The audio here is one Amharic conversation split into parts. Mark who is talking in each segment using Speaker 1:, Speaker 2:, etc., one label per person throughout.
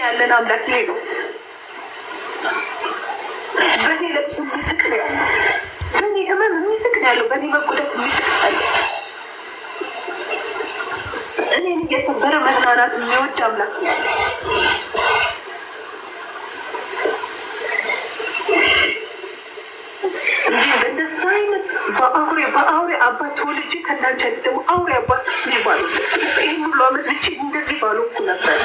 Speaker 1: ያለን አምላክ ይሄ ነው። በእኔ ለቅሶ የሚስቅ ነው ያለው። በእኔ ህመም የሚስቅ ነው ያለው። በእኔ መጎዳት የሚስቅ ያለው። እኔን እየሰበረ መዝናናት የሚወድ አምላክ ነው ያለው። በአውሬ በአውሬ አባት ተወልጄ ከእናንተ ደግሞ አውሬ አባት ይባሉ ይህን ሁሉ አመት ልቼ እንደዚህ ባሉ እኮ ነበር።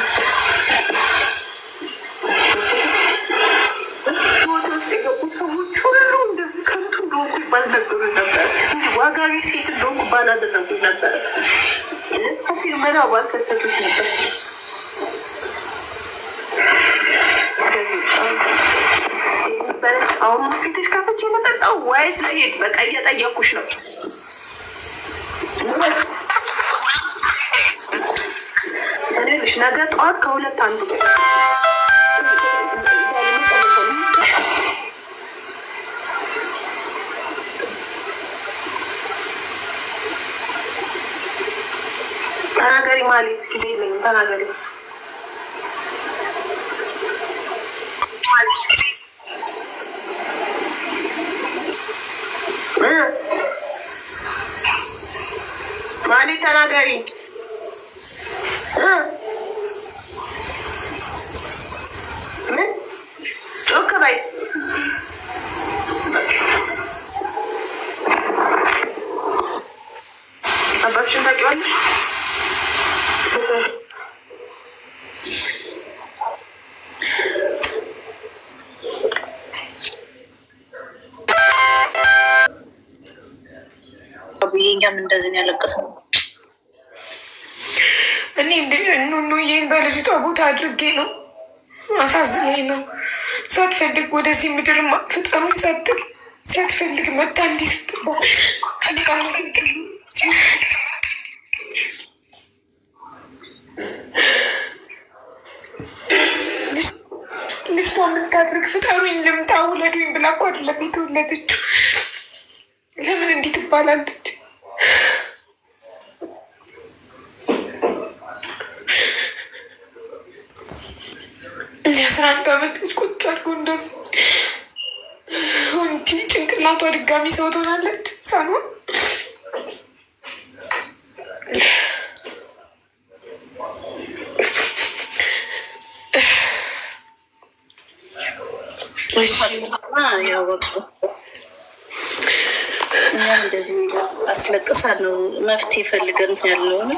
Speaker 1: ባልነገሩኝ ነበር። ዋጋ ቢስ ሴት እንደሆንኩ ባላደረጉኝ ነበር። ምርመራ ባልከተቱት ነበር። አሁን ፊትሽ ከፍቼ የመጠጣው ወይስ ለሄድ? በቃ እየጠየኩሽ ነው። እኔ ልሽ ነገ ጠዋት ከሁለት አንዱ ተናገሪ ማለት ጊዜ የለኝም። ተናገሪ ማለት ተናገሪ እኛም እንደዚህ ነው
Speaker 2: እንደ ኑኑ ይህን በልጅቷ ቦታ አድርጌ ነው አሳዝነኝ ነው ሳትፈልግ ወደዚህ ምድር ፍጠሩ ሳትል ሳትፈልግ መታ እንዲስትባል ልጅቷ የምታድርግ ፍጠሩኝ ልምጣ ውለዱኝ ብላ እኮ አይደለም የተወለደችው። ለምን እንዲህ ትባላለች? አስራ አንድ ዓመት ቁጭ አድርጎ እንደዚህ ወንቲ ጭንቅላቷ ድጋሚ ሰው ትሆናለች። ሳኖን
Speaker 1: አስለቅሳ ነው መፍትሄ ፈልገንት ያለውን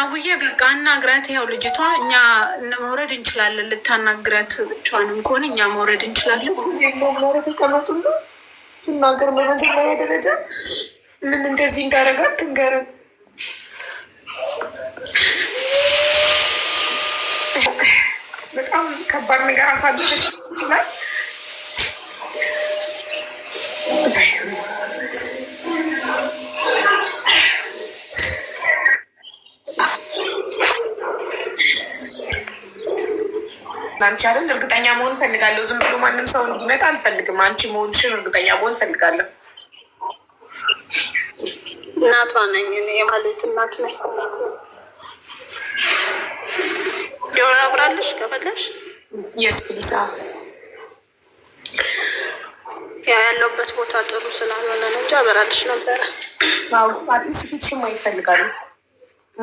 Speaker 3: አጉዬ በቃ አናግራት። ያው ልጅቷ እኛ መውረድ እንችላለን። ልታናግራት ብቻዋንም ከሆነ እኛ መውረድ እንችላለን።
Speaker 2: ምን እንደዚህ እንዳደረጋት ትንገርም። በጣም ከባድ ነገር አሳልፈሽ ይችላል
Speaker 1: አንቺ አይደል እርግጠኛ መሆን ፈልጋለሁ። ዝም ብሎ ማንም ሰው እንዲመጣ አልፈልግም። አንቺ መሆንሽን እርግጠኛ መሆን ፈልጋለሁ። እናቷ ነኝ እኔ የማለት እናት ነኝ። ሲሆን አብራለሽ ከፈለሽ የስ ፕሊሳ ያ ያለውበት ቦታ ጥሩ ስላልሆነ ነው እንጂ አበራለሽ ነበረ።
Speaker 2: አዲስ ፊትሽ ማየት ይፈልጋሉ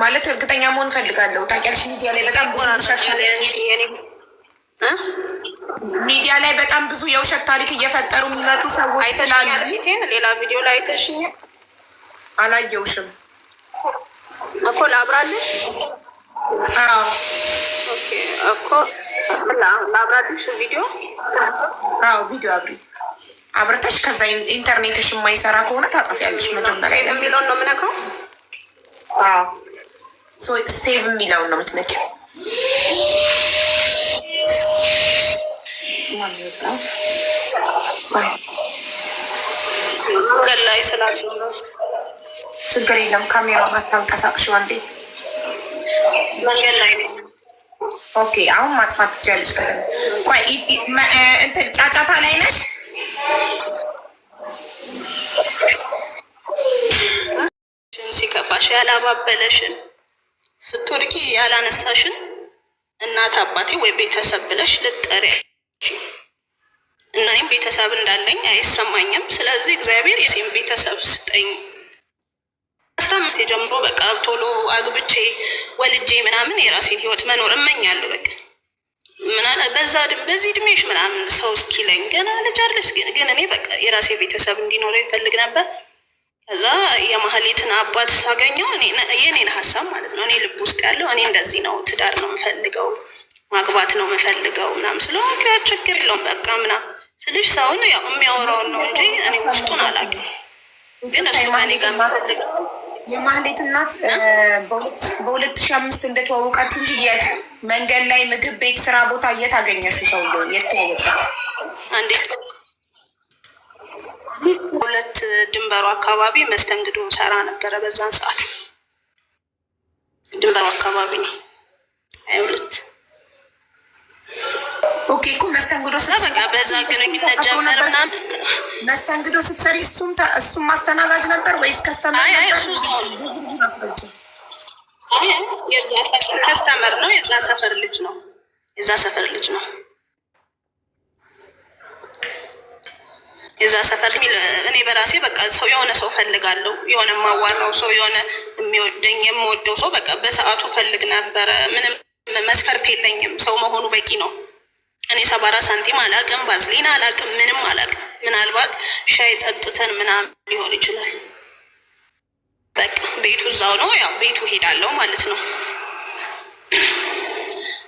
Speaker 2: ማለት እርግጠኛ መሆን ፈልጋለሁ። ታውቂያለሽ ሚዲያ ላይ በጣም ብዙ ሻት ሚዲያ ላይ በጣም ብዙ የውሸት ታሪክ እየፈጠሩ የሚመጡ ሰዎች ስላሉ
Speaker 1: ሌላ ቪዲዮ ላይ አይተሽኝ
Speaker 2: አላየውሽም
Speaker 1: እኮ ላብራለሽ እኮ ላብራለሽ ቪዲዮ
Speaker 2: አዎ ቪዲዮ አብሪ አብርተሽ ከዛ ኢንተርኔትሽ የማይሰራ ከሆነ ታጠፊያለሽ መጀመሪያ
Speaker 1: የሚለውን ነው የምነካው
Speaker 2: ሴቭ የሚለውን ነው የምትነኪው
Speaker 1: ነው የሚወጣው። ገላይ ስላሉ ነው።
Speaker 2: ችግር የለም። ካሜራ አታንቀሳቅሽ። አንዴ መንገድ ላይ ኦኬ፣ አሁን ማጥፋት ትችያለሽ። እንትን ጫጫታ ላይ ነሽ።
Speaker 1: ያላባበለሽን ስትወርቂ ያላነሳሽን እናት አባቴ ወይ ቤተሰብ ብለሽ ልጠሪያ እና እኔም ቤተሰብ እንዳለኝ አይሰማኝም። ስለዚህ እግዚአብሔር የሴም ቤተሰብ ስጠኝ። አስራ አምስት ጀምሮ በቃ ቶሎ አግብቼ ወልጄ ምናምን የራሴን ህይወት መኖር እመኛለሁ። በቃ በዛ በዚህ እድሜሽ ምናምን ሰው እስኪለኝ ገና ልጅ አለሽ፣ ግን እኔ በቃ የራሴ ቤተሰብ እንዲኖረው ይፈልግ ነበር። ከዛ የማህሌትን አባት ሳገኘው የእኔን ሀሳብ ማለት ነው እኔ ልብ ውስጥ ያለው እኔ እንደዚህ ነው ትዳር ነው የምፈልገው ማግባት ነው የምፈልገው ምናምን ስለ ችግር የለውም በቃ ምናምን ስልሽ ሰውን የሚያወራውን ነው እንጂ እኔ ውስጡን አላውቅም። ግን እሱ ከኔ ጋር የሚፈልግ
Speaker 2: የማህሌት እናት በሁለት ሺህ አምስት እንደተዋወቃት እንጂ የት መንገድ ላይ ምግብ ቤት፣ ስራ ቦታ የት አገኘሹ? ሰው የት ተዋወቃት?
Speaker 1: አንዴ ሁለት ድንበሩ አካባቢ መስተንግዶ ሰራ ነበረ። በዛን ሰዓት ድንበሩ አካባቢ ነው። አይ ሁለት
Speaker 2: ኦኬ እኮ መስተንግዶ
Speaker 1: በዛ ግንኙነት ጀመር ምናምን
Speaker 2: መስተንግዶ ስትሰሪ እሱም እሱም ማስተናጋጅ ነበር ወይስ ከስተመር
Speaker 1: ነበር? ከስተመር ነው። የዛ ሰፈር ልጅ ነው። የዛ ሰፈር ልጅ ነው። የዛ ሰፈር እኔ በራሴ በቃ ሰው የሆነ ሰው ፈልጋለሁ፣ የሆነ የማዋራው ሰው፣ የሆነ የሚወደኝ የምወደው ሰው በቃ በሰዓቱ ፈልግ ነበረ። ምንም መስፈርት የለኝም። ሰው መሆኑ በቂ ነው። እኔ ሰባራ ሳንቲም አላቅም፣ ባዝሊን አላቅም፣ ምንም አላቅም። ምናልባት ሻይ ጠጥተን ምናምን ሊሆን ይችላል። በቃ ቤቱ እዛው ነው፣ ያው ቤቱ ሄዳለው ማለት ነው።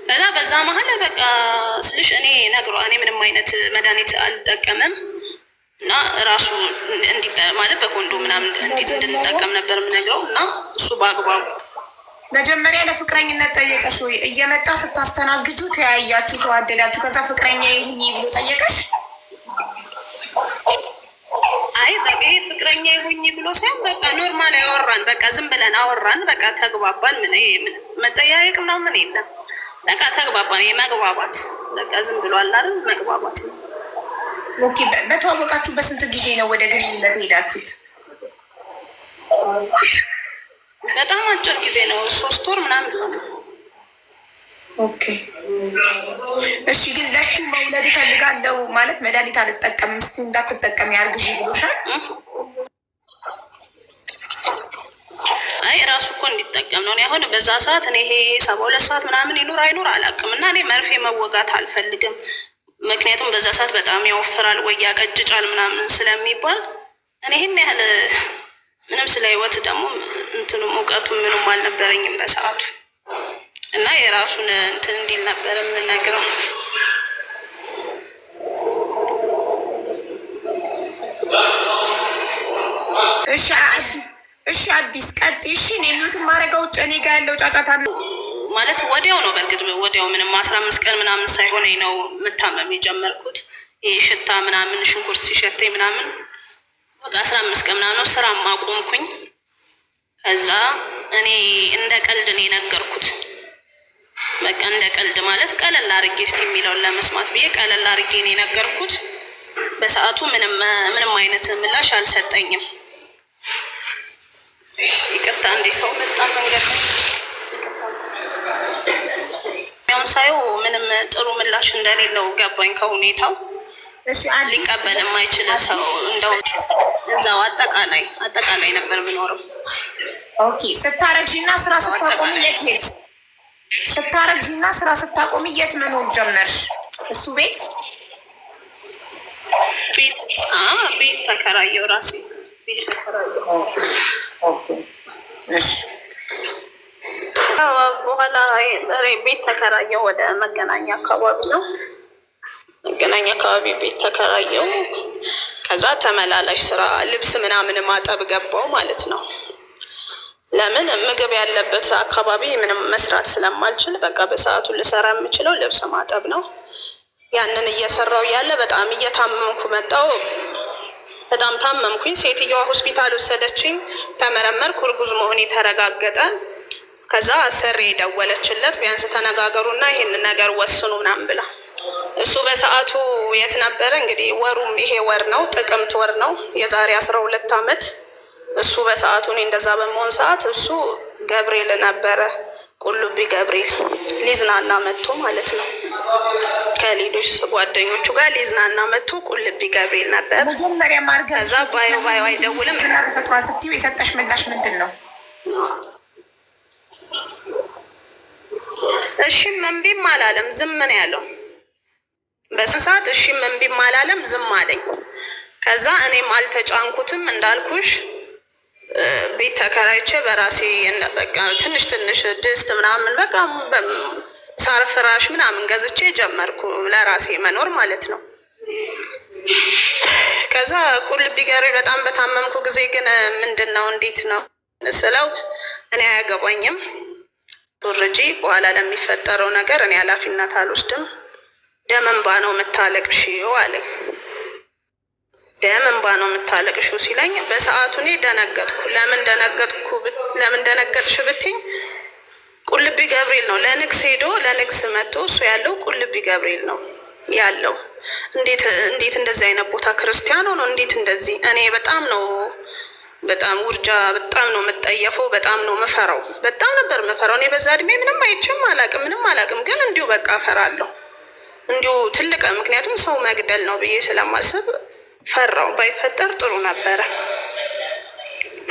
Speaker 1: ከዛ በዛ መሀል በቃ ስልሽ እኔ ነግሯ እኔ ምንም አይነት መድኃኒት አልጠቀምም እና ራሱ እንዲጠ ማለት በኮንዶ ምናምን እንዴት እንድንጠቀም ነበር የምነግረው እና እሱ በአግባቡ
Speaker 2: መጀመሪያ ለፍቅረኝነት ጠየቀሽ ወይ? እየመጣ ስታስተናግጁ ተያያችሁ፣ ተዋደዳችሁ፣ ከዛ ፍቅረኛ ይሁኝ ብሎ ጠየቀሽ?
Speaker 1: አይ በቃ ይሄ ፍቅረኛ ይሁኝ ብሎ ሳይሆን በቃ ኖርማል ያወራን፣ በቃ ዝም ብለን አወራን፣ በቃ ተግባባን። ምን መጠያየቅ ምን የለም፣ በቃ ተግባባን። የመግባባት በቃ ዝም ብሎ አላር መግባባት
Speaker 2: ኦኬ። በተዋወቃችሁ በስንት ጊዜ ነው ወደ ግንኙነት ሄዳችሁት?
Speaker 1: በጣም አጭር ጊዜ ነው፣ ሶስት ወር ምናምን ሆነ።
Speaker 2: ኦኬ እሺ። ግን ለሱ መውለድ እፈልጋለሁ ማለት መድኃኒት አልጠቀም ስ እንዳትጠቀም ያርግሽ ብሎሻል?
Speaker 1: አይ ራሱ እኮ እንዲጠቀም ነው። አሁን በዛ ሰዓት እኔ ይሄ ሰባ ሁለት ሰዓት ምናምን ይኖር አይኖር አላውቅም። እና እኔ መርፌ መወጋት አልፈልግም፣ ምክንያቱም በዛ ሰዓት በጣም ያወፍራል ወይ ያቀጭጫል ምናምን ስለሚባል እኔ ይህን ያህል ምንም ስለ ህይወት ደግሞ እንትኑም እውቀቱ ምንም አልነበረኝም በሰዓቱ እና የራሱን እንትን እንዲል ነበር የምነግረው።
Speaker 2: እሺ አዲስ ቀጥ እሺ እኔ ሚዩት የማደርገው እኔ ጋ ያለው ጫጫታ
Speaker 1: ማለት ወዲያው ነው። በእርግጥ ወዲያው ምንም አስራ አምስት ቀን ምናምን ሳይሆነ ነው መታመም የጀመርኩት። ይህ ሽታ ምናምን ሽንኩርት ሲሸተኝ ምናምን አስራ አምስት ቀን ምናምን ነው ስራም አቆምኩኝ። ከዛ እኔ እንደ ቀልድ ነው የነገርኩት። በቃ እንደ ቀልድ ማለት ቀለል አርጌ እስቲ የሚለውን ለመስማት ብዬ ቀለል አርጌ ነው የነገርኩት። በሰዓቱ ምንም አይነት ምላሽ አልሰጠኝም። ይቅርታ እንዴ ሰው መጣ መንገድ ያሁን ሳየው ምንም ጥሩ ምላሽ እንደሌለው ገባኝ ከሁኔታው ሊቀበል የማይችል ሰው እንደው እዛው አጠቃላይ አጠቃላይ ነበር ብኖርም
Speaker 2: ኦኬ። ስታረጂና ስራ ስታቆሚ የት ሄድሽ? ስታረጂ ስራ ስታቆሚ የት መኖር ጀመርሽ? እሱ ቤት
Speaker 1: ቤት ተከራየው ራሴ ቤት ተከራየው። እሺ በኋላ ቤት ተከራየው ወደ መገናኛ አካባቢ ነው። መገናኛ አካባቢ ቤት ተከራየው። ከዛ ተመላላሽ ስራ ልብስ ምናምን ማጠብ ገባው ማለት ነው። ለምን ምግብ ያለበት አካባቢ ምንም መስራት ስለማልችል በቃ በሰዓቱ ልሰራ የምችለው ልብስ ማጠብ ነው። ያንን እየሰራው ያለ በጣም እየታመምኩ መጣው። በጣም ታመምኩኝ። ሴትየዋ ሆስፒታል ወሰደችኝ። ተመረመርኩ። እርጉዝ መሆን የተረጋገጠ ከዛ አሰሪ የደወለችለት ቢያንስ ተነጋገሩና ይህን ነገር ወስኑ ምናምን ብላ እሱ በሰዓቱ የት ነበረ እንግዲህ ወሩም ይሄ ወር ነው ጥቅምት ወር ነው የዛሬ አስራ ሁለት አመት እሱ በሰዓቱ እኔ እንደዛ በመሆን ሰዓት እሱ ገብርኤል ነበረ፣ ቁልቢ ገብርኤል ሊዝናና መጥቶ ማለት ነው። ከሌሎች ጓደኞቹ ጋር ሊዝናና መጥቶ ቁልቢ ገብርኤል ነበር።
Speaker 2: መጀመሪያ ማርገዝ ከዛ
Speaker 1: ባዮ ባዮ አይደውልም
Speaker 2: እና ተፈጥሯ ስትዪው የሰጠሽ ምላሽ ምንድን ነው?
Speaker 1: እሺም እምቢም አላለም፣ ዝም ነው ያለው። በስንት ሰዓት እሺም እምቢም አላለም፣ ዝም አለኝ። ከዛ እኔም አልተጫንኩትም እንዳልኩሽ ቤት ተከራይቼ በራሴ በቃ ትንሽ ትንሽ ድስት ምናምን በቃ ሳር ፍራሽ ምናምን ገዝቼ ጀመርኩ ለራሴ መኖር ማለት ነው። ከዛ ቁልቢ ገሬ በጣም በታመምኩ ጊዜ ግን ምንድን ነው እንዴት ነው ስለው እኔ አያገባኝም ቱርጂ በኋላ ለሚፈጠረው ነገር እኔ ኃላፊነት አልወስድም። ደመንባ ነው የምታለቅሽው አለኝ። ደም እንባ ነው የምታለቅሹ ሲለኝ በሰዓቱ እኔ ደነገጥኩ። ለምን ደነገጥኩ ለምን ደነገጥሽ ብትኝ ቁልቢ ገብርኤል ነው ለንግስ ሄዶ ለንግስ መጥቶ እሱ ያለው ቁልቢ ገብርኤል ነው ያለው። እንዴት እንዴት እንደዚህ አይነት ቦታ ክርስቲያን ሆኖ እንዴት እንደዚህ እኔ በጣም ነው በጣም ውርጃ በጣም ነው የምጠየፈው። በጣም ነው ምፈራው። በጣም ነበር ምፈራው። እኔ በዛ እድሜ ምንም አይቼም አላቅም ምንም አላቅም፣ ግን እንዲሁ በቃ እፈራለሁ እንዲሁ ትልቅ ምክንያቱም ሰው መግደል ነው ብዬ ስለማስብ ፈራው ባይፈጠር ጥሩ ነበረ።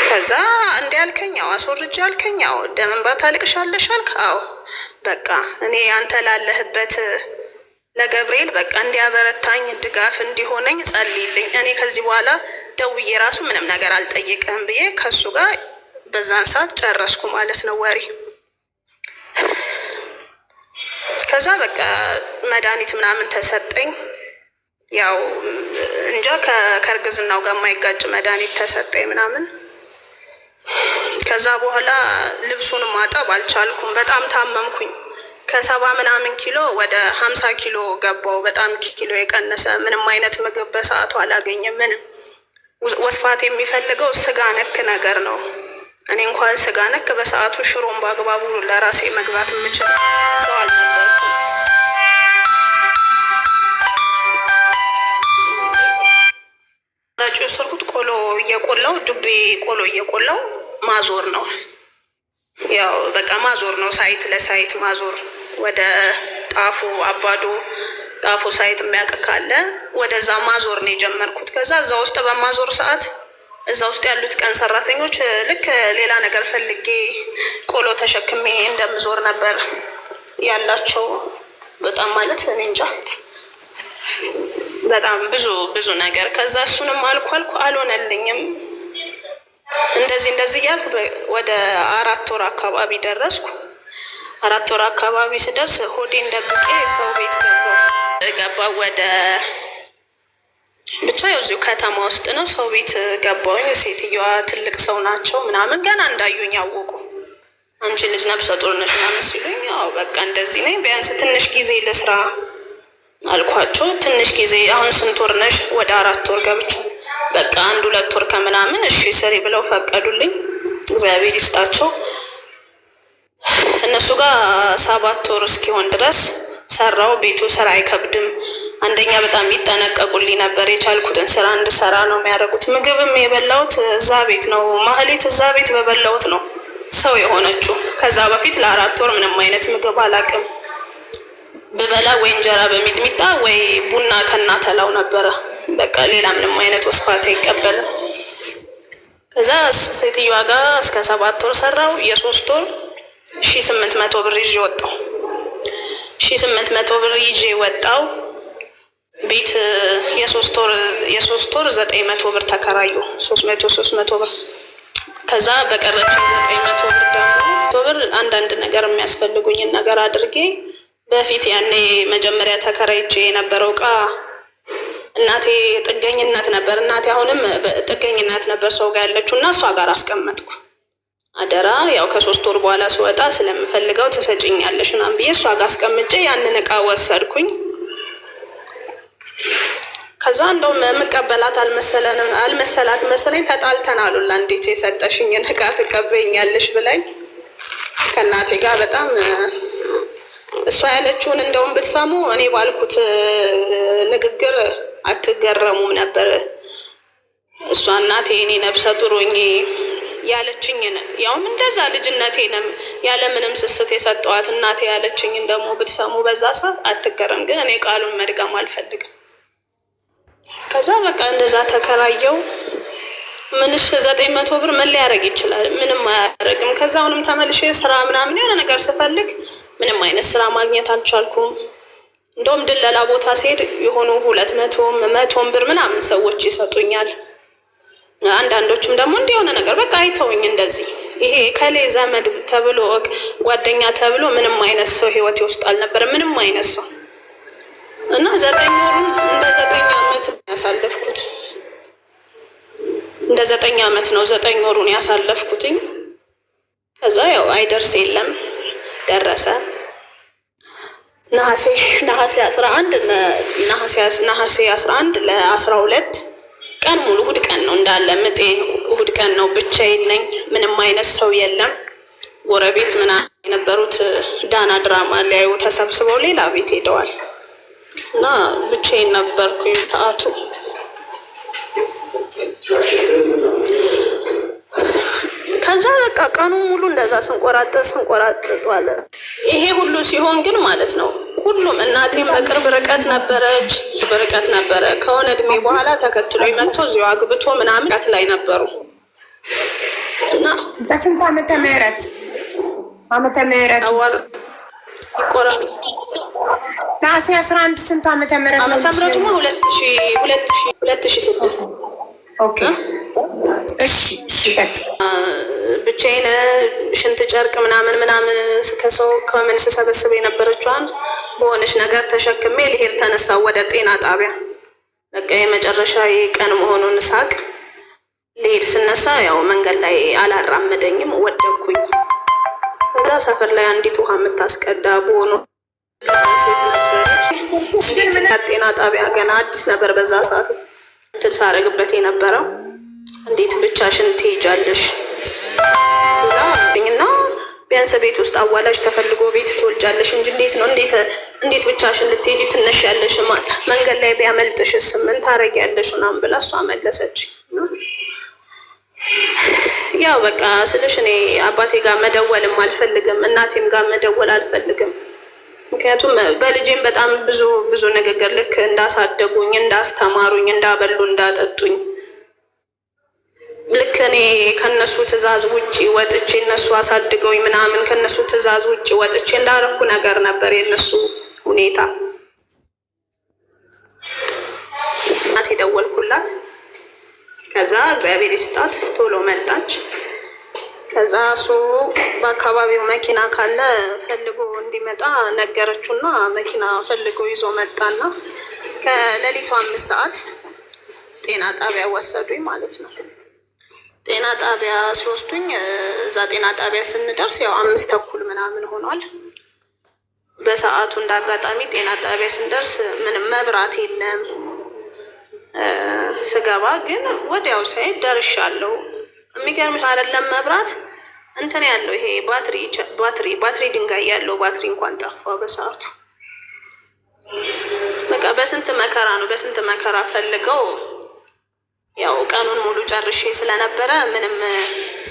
Speaker 1: ከዛ እንዲ አልከኝ፣ አዎ አስወርጄ አልከኝ፣ አዎ ደም እንባ ታልቅሻለሽ አልክ። አዎ በቃ እኔ አንተ ላለህበት ለገብርኤል በቃ እንዲያበረታኝ ድጋፍ እንዲሆነኝ ጸልይልኝ፣ እኔ ከዚህ በኋላ ደውዬ ራሱ ምንም ነገር አልጠይቅህም ብዬ ከሱ ጋር በዛን ሰዓት ጨረስኩ ማለት ነው ወሬ። ከዛ በቃ መድኃኒት ምናምን ተሰጠኝ። ያው እንጃ ከእርግዝናው ጋር የማይጋጭ መድኃኒት ተሰጠኝ ምናምን። ከዛ በኋላ ልብሱን ማጠብ አልቻልኩም፣ በጣም ታመምኩኝ። ከሰባ ምናምን ኪሎ ወደ ሀምሳ ኪሎ ገባው። በጣም ኪሎ የቀነሰ ምንም አይነት ምግብ በሰዓቱ አላገኘም። ምንም ወስፋት የሚፈልገው ስጋ ነክ ነገር ነው። እኔ እንኳን ስጋ ነክ በሰዓቱ ሽሮን በአግባቡ ለራሴ መግባት የምችል ሰው አልነበርኩም። እየቆላው ዱቤ ቆሎ እየቆላው ማዞር ነው። ያው በቃ ማዞር ነው፣ ሳይት ለሳይት ማዞር ወደ ጣፎ አባዶ ጣፉ ሳይት የሚያውቅ ካለ ወደዛ ማዞር ነው የጀመርኩት። ከዛ እዛ ውስጥ በማዞር ሰዓት እዛ ውስጥ ያሉት ቀን ሰራተኞች ልክ ሌላ ነገር ፈልጌ ቆሎ ተሸክሜ እንደምዞር ነበር ያላቸው። በጣም ማለት እኔ እንጃ በጣም ብዙ ብዙ ነገር ከዛ እሱንም አልኩ አልኩ አልሆነልኝም። እንደዚህ እንደዚህ እያልኩ ወደ አራት ወር አካባቢ ደረስኩ። አራት ወር አካባቢ ስደርስ ሆዴን ደብቄ ሰው ቤት ገባ ወደ ብቻ ያው እዚሁ ከተማ ውስጥ ነው። ሰው ቤት ገባሁኝ። ሴትዮዋ ትልቅ ሰው ናቸው ምናምን ገና እንዳዩኝ ያወቁ አንቺ ልጅ ነብሰ ጡር ነሽ ምናምን ሲሉኝ፣ አዎ በቃ እንደዚህ ነኝ ቢያንስ ትንሽ ጊዜ ለስራ አልኳቸው። ትንሽ ጊዜ አሁን ስንት ወር ነሽ? ወደ አራት ወር ገብቼ በቃ አንድ ሁለት ወር ከምናምን እሺ ስሪ ብለው ፈቀዱልኝ። እግዚአብሔር ይስጣቸው። እነሱ ጋር ሰባት ወር እስኪሆን ድረስ ሰራው። ቤቱ ስራ አይከብድም። አንደኛ በጣም ይጠነቀቁልኝ ነበር። የቻልኩትን ስራ እንድሰራ ነው የሚያደርጉት። ምግብም የበላሁት እዛ ቤት ነው። ማህሌት እዛ ቤት በበላሁት ነው ሰው የሆነችው። ከዛ በፊት ለአራት ወር ምንም አይነት ምግብ አላውቅም። ብበላ ወይ እንጀራ በሚጥሚጣ ወይ ቡና ከናተላው ነበረ። በቃ ሌላ ምንም አይነት ወስፋት አይቀበልም። ከዛ ሴትዮዋ ጋር እስከ ሰባት ወር ሰራው። የሶስት ወር ሺ ስምንት መቶ ብር ይዤ ወጣው። ሺ ስምንት መቶ ብር ይዤ ወጣው። ቤት የሶስት ወር የሶስት ወር ዘጠኝ መቶ ብር ተከራዩ። ሶስት መቶ ሶስት መቶ ብር ከዛ በቀረች ዘጠኝ መቶ ብር ደግሞ ብር አንዳንድ ነገር የሚያስፈልጉኝን ነገር አድርጌ በፊት ያኔ መጀመሪያ ተከራይቼ የነበረው እቃ እናቴ ጥገኝነት ነበር። እናቴ አሁንም ጥገኝነት ነበር ሰው ጋር ያለችው እና እሷ ጋር አስቀመጥኩ አደራ። ያው ከሶስት ወር በኋላ ስወጣ ስለምፈልገው ትሰጭኛለሽ ምናምን ብዬ እሷ ጋር አስቀምጬ ያንን እቃ ወሰድኩኝ። ከዛ እንደውም የምቀበላት አልመሰለንም አልመሰላት መሰለኝ ተጣልተን አሉላ እንዴት የሰጠሽኝን እቃ ትቀበኛለሽ ብላኝ ከእናቴ ጋር በጣም እሷ ያለችውን እንደውም ብትሰሙ እኔ ባልኩት ንግግር አትገረሙም ነበር። እሷ እናቴ እኔ ነብሰ ጡሮኝ ያለችኝን ያውም እንደዛ ልጅነቴንም ያለምንም ስስት የሰጠዋት እናቴ ያለችኝን ደግሞ ብትሰሙ በዛ ሰዓት አትገረም። ግን እኔ ቃሉን መድገም አልፈልግም። ከዛ በቃ እንደዛ ተከራየው። ምንሽ ዘጠኝ መቶ ብር ምን ሊያደርግ ይችላል? ምንም አያደርግም። ከዛ አሁንም ተመልሼ ስራ ምናምን የሆነ ነገር ስፈልግ ምንም አይነት ስራ ማግኘት አልቻልኩም። እንደውም ድለላ ቦታ ሲሄድ የሆኑ ሁለት መቶም መቶም ብር ምናምን ሰዎች ይሰጡኛል። አንዳንዶቹም ደግሞ እንዲሆነ ነገር በቃ አይተውኝ እንደዚህ ይሄ ከሌ ዘመድ ተብሎ ጓደኛ ተብሎ ምንም አይነት ሰው ህይወት ውስጥ አልነበረ ምንም አይነት ሰው እና ዘጠኝ ወሩ እንደ ዘጠኝ አመት ያሳለፍኩት እንደ ዘጠኝ አመት ነው ዘጠኝ ወሩን ያሳለፍኩትኝ። ከዛ ያው አይደርስ የለም ደረሰ። ነሐሴ ነሐሴ 11 ነሐሴ ነሐሴ 11 ለ12 ቀን ሙሉ እሁድ ቀን ነው እንዳለ ምጤ እሁድ ቀን ነው። ብቻዬን ነኝ። ምንም አይነት ሰው የለም። ጎረቤት ምናምን የነበሩት ዳና ድራማ ሊያዩ ተሰብስበው ሌላ ቤት ሄደዋል እና ብቻዬን ነበርኩኝ ሰዓቱ ከዛ በቃ ቀኑ ሙሉ እንደዛ ስንቆራጠጥ ስንቆራጠጥ አለ። ይሄ ሁሉ ሲሆን ግን ማለት ነው ሁሉም እናቴም በቅርብ ርቀት ነበረች ርቀት ነበረ። ከሆነ እድሜ በኋላ ተከትሎ መጥቶ እዚሁ አግብቶ ምናምን ቀት ላይ ነበሩ
Speaker 2: እና በስንት ዓመተ ምህረት ዓመተ ምህረት
Speaker 1: ይቆራል ነሐሴ አስራ አንድ ስንት ዓመተ ምህረት ዓመተ ምህረቱ ሁለት ሺ ሁለት ሺ ሁለት ሺ ስድስት
Speaker 2: ኦኬ እሺ እሺ
Speaker 1: ብቻዬን ሽንት ጨርቅ ምናምን ምናምን ከሰው ከምን ስሰበስብ የነበረችዋን በሆነች ነገር ተሸክሜ ልሄድ ተነሳው ወደ ጤና ጣቢያ። በቃ የመጨረሻ ቀን መሆኑን ሳቅ ልሄድ ስነሳ ያው መንገድ ላይ አላራመደኝም፣ ወደኩኝ። ከዛ ሰፈር ላይ አንዲት ውሃ የምታስቀዳ በሆኑ ጤና ጣቢያ ገና አዲስ ነበር በዛ ሰዓት ትል ሳረግበት የነበረው እንዴት ብቻሽን ትሄጃለሽ? እና ቢያንስ ቤት ውስጥ አዋላጅ ተፈልጎ ቤት ትወልጃለሽ እንጂ እንዴት ነው እንዴት እንዴት ብቻሽን ልትሄጂ ትነሽ ያለሽ መንገድ ላይ ቢያመልጥሽ ስምን ታረጊያለሽ? ምናምን ብላ እሷ መለሰች። ያው በቃ ስልሽ እኔ አባቴ ጋር መደወልም አልፈልግም፣ እናቴም ጋር መደወል አልፈልግም። ምክንያቱም በልጄም በጣም ብዙ ብዙ ንግግር ልክ እንዳሳደጉኝ፣ እንዳስተማሩኝ፣ እንዳበሉ፣ እንዳጠጡኝ ልክ እኔ ከነሱ ትዕዛዝ ውጭ ወጥቼ እነሱ አሳድገውኝ ምናምን ከነሱ ትዕዛዝ ውጭ ወጥቼ እንዳረኩ ነገር ነበር የነሱ ሁኔታ። እናት የደወልኩላት፣ ከዛ እግዚአብሔር ይስጣት ቶሎ መጣች። ከዛ እሱ በአካባቢው መኪና ካለ ፈልጎ እንዲመጣ ነገረችውና መኪና ፈልጎ ይዞ መጣና ከሌሊቱ አምስት ሰዓት ጤና ጣቢያ ወሰዱኝ ማለት ነው። ጤና ጣቢያ ሲወስዱኝ እዛ ጤና ጣቢያ ስንደርስ ያው አምስት ተኩል ምናምን ሆኗል። በሰዓቱ እንደ አጋጣሚ ጤና ጣቢያ ስንደርስ ምንም መብራት የለም። ስገባ ግን ወዲያው ሳይ ደርሻለሁ። የሚገርምሽ አይደለም መብራት እንትን ያለው ይሄ ባትሪ ባትሪ ባትሪ ድንጋይ ያለው ባትሪ እንኳን ጠፋ በሰዓቱ። በቃ በስንት መከራ ነው በስንት መከራ ፈልገው ያው ቀኑን ሙሉ ጨርሼ ስለነበረ ምንም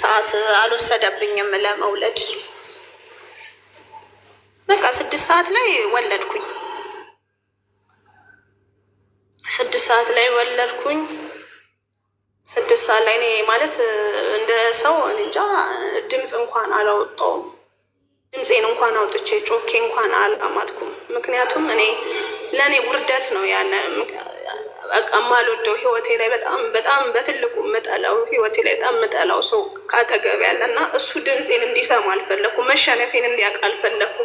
Speaker 1: ሰዓት አልወሰደብኝም ለመውለድ። በቃ ስድስት ሰዓት ላይ ወለድኩኝ። ስድስት ሰዓት ላይ ወለድኩኝ። ስድስት ሰዓት ላይ እኔ ማለት እንደ ሰው እንጃ ድምፅ እንኳን አላወጣውም። ድምፄን እንኳን አውጥቼ ጮኬ እንኳን አላማጥኩም። ምክንያቱም እኔ ለእኔ ውርደት ነው ያለ በቃ የማልወደው ህይወቴ ላይ በጣም በጣም በትልቁ የምጠላው ህይወቴ ላይ በጣም የምጠላው ሰው ካጠገብ ያለ እና እሱ ድምፄን እንዲሰማ አልፈለኩ፣ መሸነፌን እንዲያውቅ አልፈለኩ።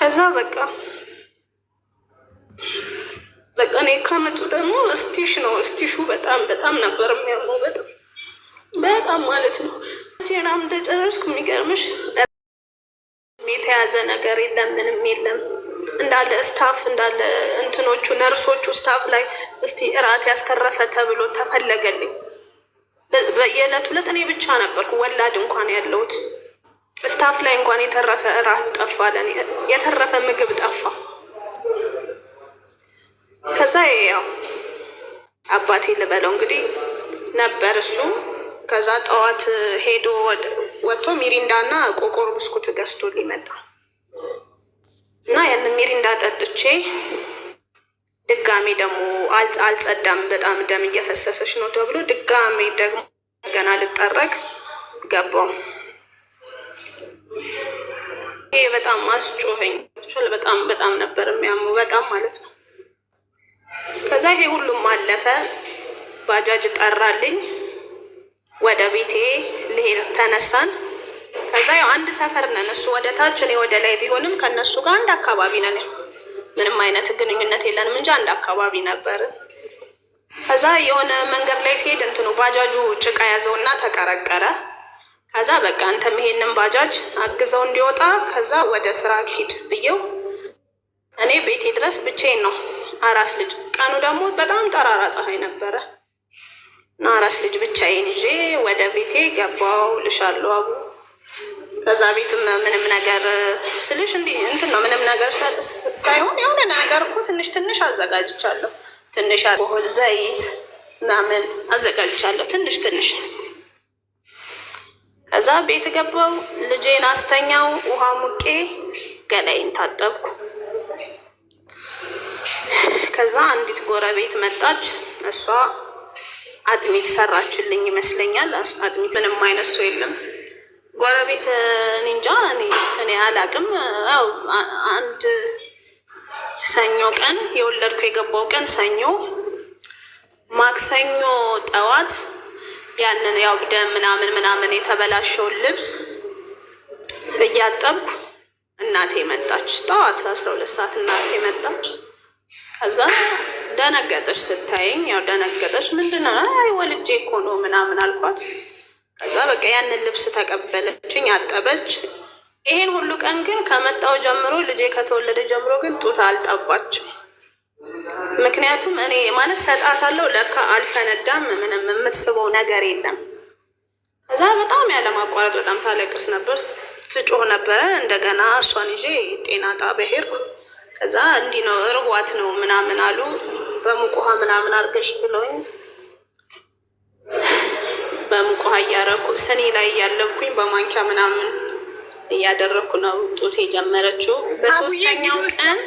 Speaker 1: ከዛ በቃ በቃ እኔ ከምጡ ደግሞ እስቲሽ ነው እስቲሹ በጣም በጣም ነበር የሚያምኑ በጣም በጣም ማለት ነው። ቴናም ተጨረስኩ። የሚገርምሽ የተያዘ ነገር የለም ምንም የለም እንዳለ ስታፍ እንዳለ እንትኖቹ ነርሶቹ ስታፍ ላይ እስቲ እራት ያስተረፈ ተብሎ ተፈለገልኝ። የዕለት ሁለት እኔ ብቻ ነበርኩ ወላድ እንኳን ያለሁት ስታፍ ላይ እንኳን የተረፈ እራት ጠፋ፣ ለእኔ የተረፈ ምግብ ጠፋ። ከዛ ያው አባቴ ልበለው እንግዲህ ነበር እሱ። ከዛ ጠዋት ሄዶ ወጥቶ ሚሪንዳና ቆቆሮ ብስኩት ገዝቶ ሊመጣ እና ያን ሚሪ እንዳጠጥቼ ድጋሜ ደግሞ አልጸዳም፣ በጣም ደም እየፈሰሰች ነው ተብሎ ድጋሜ ደግሞ ገና ልጠረግ ገባው። ይሄ በጣም አስጮኸኝ። በጣም በጣም ነበር የሚያሙ በጣም ማለት ነው። ከዛ ይሄ ሁሉም አለፈ። ባጃጅ ጠራልኝ፣ ወደ ቤቴ ልሄድ ተነሳን። ከዛ ያው አንድ ሰፈር ነን። እሱ ወደ ታች እኔ ወደ ላይ ቢሆንም ከእነሱ ጋር አንድ አካባቢ ነን። ምንም አይነት ግንኙነት የለንም እንጂ አንድ አካባቢ ነበር ከዛ የሆነ መንገድ ላይ ሲሄድ እንትኑ ባጃጁ ጭቃ ያዘውና ተቀረቀረ። ከዛ በቃ አንተም ይሄንን ባጃጅ አግዘው እንዲወጣ ከዛ ወደ ስራ ሂድ ብዬው እኔ ቤቴ ድረስ ብቼን ነው አራስ ልጅ። ቀኑ ደግሞ በጣም ጠራራ ፀሐይ ነበረ እና አራስ ልጅ ብቻዬን ይዤ ወደ ቤቴ ገባው ልሻለሁ አቡ በዛ ቤት ምንም ነገር ስልሽ እንዲ እንትን ነው። ምንም ነገር ሳይሆን የሆነ ነገር እኮ ትንሽ ትንሽ አዘጋጅቻለሁ። ትንሽ አልኮሆል፣ ዘይት ምናምን አዘጋጅቻለሁ ትንሽ ትንሽ። ከዛ ቤት ገባው፣ ልጄን አስተኛው፣ ውሃ ሙቄ ገላይን ታጠብኩ። ከዛ አንዲት ጎረቤት መጣች። እሷ አጥሚት ሰራችልኝ ይመስለኛል። አጥሚት ምንም አይነት ሰው የለም ጎረቤት እኔ እንጃ እኔ እኔ አላቅም። ያው አንድ ሰኞ ቀን የወለድኩ የገባው ቀን ሰኞ፣ ማክሰኞ ጠዋት ያንን ያው ደም ምናምን ምናምን የተበላሸውን ልብስ እያጠብኩ እናቴ መጣች። ጠዋት አስራ ሁለት ሰዓት እናቴ መጣች። ከዛ ደነገጠች ስታየኝ፣ ያው ደነገጠች። ምንድን ነው አይ ወልጄ እኮ ነው ምናምን አልኳት። ከዛ በቃ ያንን ልብስ ተቀበለችኝ፣ አጠበች። ይሄን ሁሉ ቀን ግን ከመጣው ጀምሮ ልጄ ከተወለደ ጀምሮ ግን ጡት አልጠባችም። ምክንያቱም እኔ ማለት ሰጣታለሁ፣ ለካ አልፈነዳም፣ ምንም የምትስበው ነገር የለም። ከዛ በጣም ያለማቋረጥ በጣም ታለቅስ ነበር፣ ትጮህ ነበረ። እንደገና እሷን ይዤ ጤና ጣቢያ ሄድኩ። ከዛ እንዲህ ነው እርቧት ነው ምናምን አሉ፣ በሙቅ ምናምን አድርገሽ ብለውኝ በሙቅ ውሃ እያረኩ ስኒ ላይ ያለኩኝ በማንኪያ ምናምን እያደረኩ ነው ጡት የጀመረችው። በሶስተኛው ቀን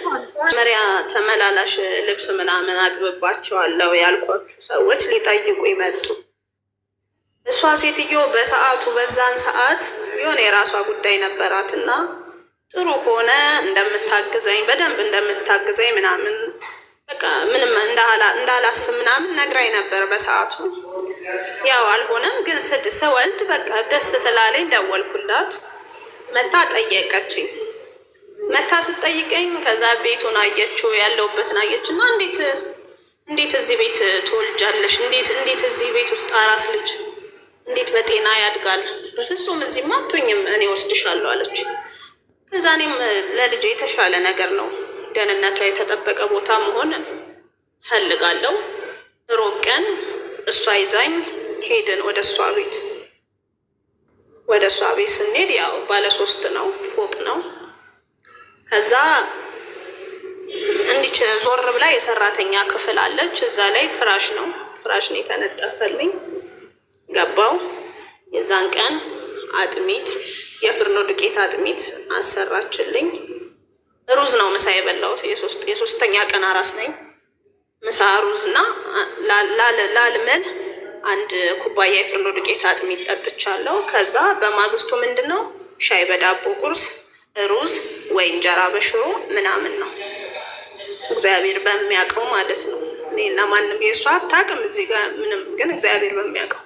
Speaker 1: መሪያ ተመላላሽ ልብስ ምናምን አጥብባቸዋለሁ ያልኳችሁ ሰዎች ሊጠይቁ ይመጡ። እሷ ሴትዮ በሰዓቱ በዛን ሰዓት የሆነ የራሷ ጉዳይ ነበራት እና ጥሩ ሆነ እንደምታግዘኝ በደንብ እንደምታግዘኝ ምናምን ምንም እንዳላስብ ምናምን ነግራኝ ነበር በሰዓቱ። ያው አልሆነም ግን ስወልድ በቃ ደስ ስላለኝ ደወልኩላት። መታ ጠየቀችኝ። መታ ስትጠይቀኝ ከዛ ቤቱን አየችው ያለውበትን አየች እና እንዴት እንዴት እዚህ ቤት ትወልጃለሽ? እንዴት እንዴት እዚህ ቤት ውስጥ አራስ ልጅ እንዴት በጤና ያድጋል? በፍጹም እዚህ ማቶኝም እኔ ወስድሻለሁ አለች። ከዛ እኔም ለልጄ የተሻለ ነገር ነው ደህንነቷ የተጠበቀ ቦታ መሆን ፈልጋለሁ። ሮብ ቀን እሷ ይዛኝ ሄድን ወደ እሷ ቤት። ወደ እሷ ቤት ስንሄድ ያው ባለሶስት ነው ፎቅ ነው። ከዛ እንዲች ዞር ብላ የሰራተኛ ክፍል አለች። እዛ ላይ ፍራሽ ነው ፍራሽ ነው የተነጠፈልኝ። ገባው የዛን ቀን አጥሚት የፍርኖ ዱቄት አጥሚት አሰራችልኝ። ሩዝ ነው ምሳ የበላሁት። የሶስተኛ ቀን አራስ ነኝ። ምሳ ሩዝ እና ላልመል አንድ ኩባያ የፍርኖ ዱቄት አጥሚት ጠጥቻለሁ። ከዛ በማግስቱ ምንድን ነው ሻይ በዳቦ ቁርስ ሩዝ ወይ እንጀራ በሽሮ ምናምን ነው። እግዚአብሔር በሚያውቀው ማለት ነው። እኔና ማንም የእሷ አታውቅም እዚህ ጋር ምንም፣ ግን እግዚአብሔር በሚያውቀው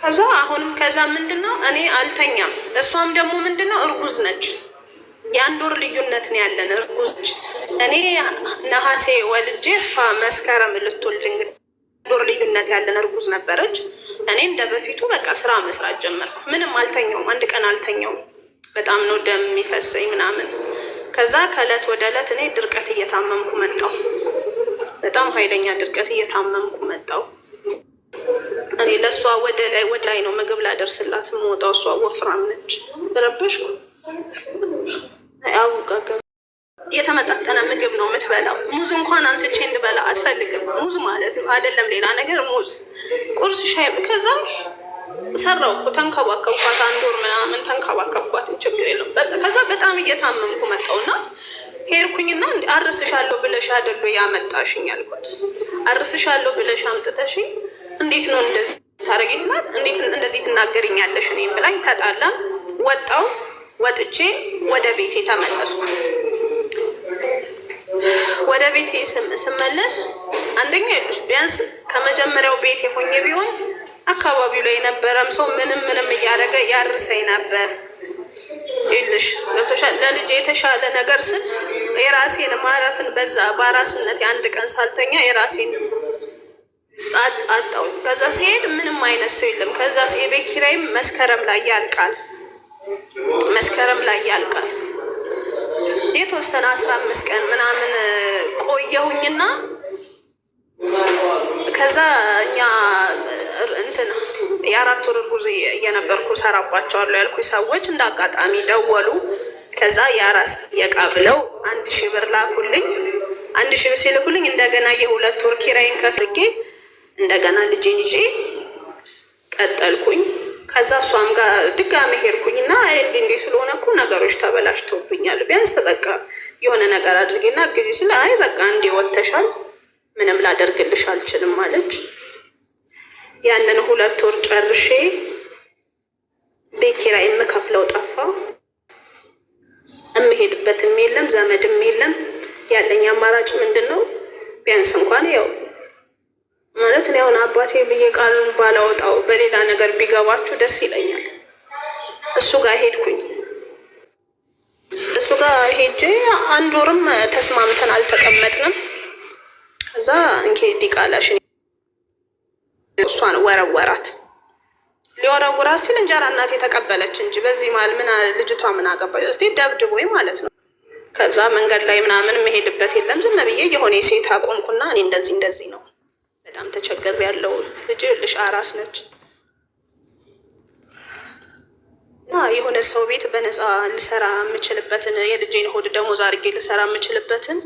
Speaker 1: ከዛ አሁንም ከዛ ምንድን ነው እኔ አልተኛም። እሷም ደግሞ ምንድን ነው እርጉዝ ነች የአንድ ወር ልዩነት ነው ያለን እርጉዞች። እኔ ነሐሴ ወልጄ እሷ መስከረም ልትወልድ እንግዲህ ልዩነት ያለን እርጉዝ ነበረች። እኔ እንደ በፊቱ በቃ ስራ መስራት ጀመርኩ። ምንም አልተኛውም፣ አንድ ቀን አልተኛውም። በጣም ነው ደም የሚፈሰኝ ምናምን። ከዛ ከእለት ወደ እለት እኔ ድርቀት እየታመምኩ መጣው። በጣም ኃይለኛ ድርቀት እየታመምኩ መጣው እኔ ለእሷ ወደ ላይ ነው ምግብ ላደርስላት የምወጣው። እሷ ወፍራም ነች። ረበሽኩ የተመጣጠነ ምግብ ነው የምትበላው። ሙዝ እንኳን አንስቼ እንድበላ አትፈልግም። ሙዝ ማለት ነው አይደለም ሌላ ነገር ሙዝ፣ ቁርስ፣ ሻይ። ከዛ ሰራው እኮ ተንከባከብኳት፣ አንድ ወር ምናምን ተንከባከብኳት። ችግር የለም። ከዛ በጣም እየታመምኩ መጣውና ሄድኩኝና አርስሻለሁ ብለሽ አደሎ ያመጣሽኝ አልኩት። አርስሻለሁ ብለሽ አምጥተሽኝ እንዴት ነው እንደዚህ ታደርጊ እንዴት እንደዚህ ትናገርኛለሽ እኔም ብላኝ ተጣላን። ወጣው ወጥቼ ወደ ቤቴ ተመለስኩ። ወደ ቤቴ ስመለስ አንደኛ ያሉት ቢያንስ ከመጀመሪያው ቤቴ ሆኜ ቢሆን አካባቢው ላይ የነበረም ሰው ምንም ምንም እያደረገ ያርሰኝ ነበር። ይልሽ ገብቶሻል። ለልጄ የተሻለ ነገር ስል የራሴን ማረፍን በዛ በአራስነት የአንድ ቀን ሳልተኛ የራሴን አጣው። ከዛ ሲሄድ ምንም አይነት ሰው የለም። ከዛ የቤት ኪራይም መስከረም ላይ ያልቃል። መስከረም ላይ ያልቃል። የተወሰነ አስራ አምስት ቀን ምናምን ቆየሁኝና ከዛ እኛ እንትን የአራት ወር እርጉዝ እየነበርኩ ሰራባቸዋለሁ ያልኩ ሰዎች እንደ አጋጣሚ ደወሉ። ከዛ የአራስ የቃ ብለው አንድ ሺህ ብር ላኩልኝ። አንድ ሺህ ብር ሲልኩልኝ እንደገና የሁለት ወር ኪራይን ከፍጌ እንደገና ልጄን ይዤ ቀጠልኩኝ። ከዛ እሷም ጋር ድጋሚ ሄድኩኝ እና እንዲህ እንዲህ ስለሆነ እኮ ነገሮች ተበላሽተውብኛል፣ ቢያንስ በቃ የሆነ ነገር አድርጌና ግቢ ስለ አይ በቃ እንዴ ወተሻል፣ ምንም ላደርግልሽ አልችልም አለች። ያንን ሁለት ወር ጨርሼ ቤት ኪራይ የምከፍለው ጠፋ፣ የምሄድበትም የለም ዘመድም የለም። ያለኝ አማራጭ ምንድን ነው? ቢያንስ እንኳን ያው ማለት እኔ አሁን አባቴ ብዬ ቃሉን ባላወጣው በሌላ ነገር ቢገባችሁ ደስ ይለኛል። እሱ ጋር ሄድኩኝ። እሱ ጋር ሄጄ አንድ ወርም ተስማምተን አልተቀመጥንም። ከዛ እንኬ ዲቃላሽን እሷን ወረወራት። ሊወረውራት ሲል እንጀራ እናቴ የተቀበለች እንጂ በዚህ መሀል ምን ልጅቷ ምን አገባች? እስቲ ደብድቦኝ ማለት ነው። ከዛ መንገድ ላይ ምናምን መሄድበት የለም ዝም ብዬ የሆነ ሴት አቆምኩና እኔ እንደዚህ እንደዚህ ነው በጣም ተቸገር ያለው ልጅ ልሽ አራስ ነች እና የሆነ ሰው ቤት በነፃ ልሰራ የምችልበትን የልጄን ሆድ ደሞዝ አድርጌ ልሰራ የምችልበትን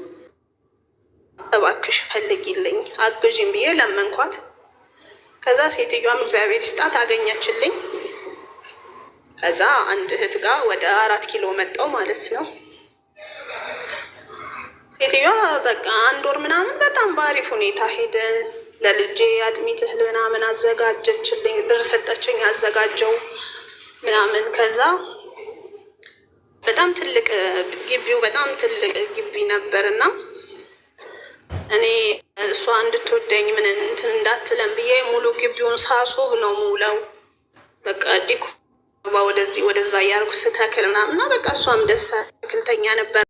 Speaker 1: እባክሽ ፈልጊልኝ አግዥኝ ብዬ ለመንኳት። ከዛ ሴትዮዋም እግዚአብሔር ይስጣት አገኘችልኝ። ከዛ አንድ እህት ጋር ወደ አራት ኪሎ መጣው ማለት ነው። ሴትዮዋ በቃ አንድ ወር ምናምን በጣም በአሪፍ ሁኔታ ሄደ። ለልጄ አጥሚት እህል ምናምን አዘጋጀችልኝ፣ ብር ሰጠችኝ፣ አዘጋጀው ምናምን። ከዛ በጣም ትልቅ ግቢው በጣም ትልቅ ግቢ ነበር እና እኔ እሷ እንድትወደኝ ምን እንትን እንዳትለን ብዬ ሙሉ ግቢውን ሳስብ ነው ሙለው በቃ ዲኮ ወደዚህ ወደዛ እያልኩ ስተክል ምናምን እና በቃ እሷም ደስ አትክልተኛ ነበር።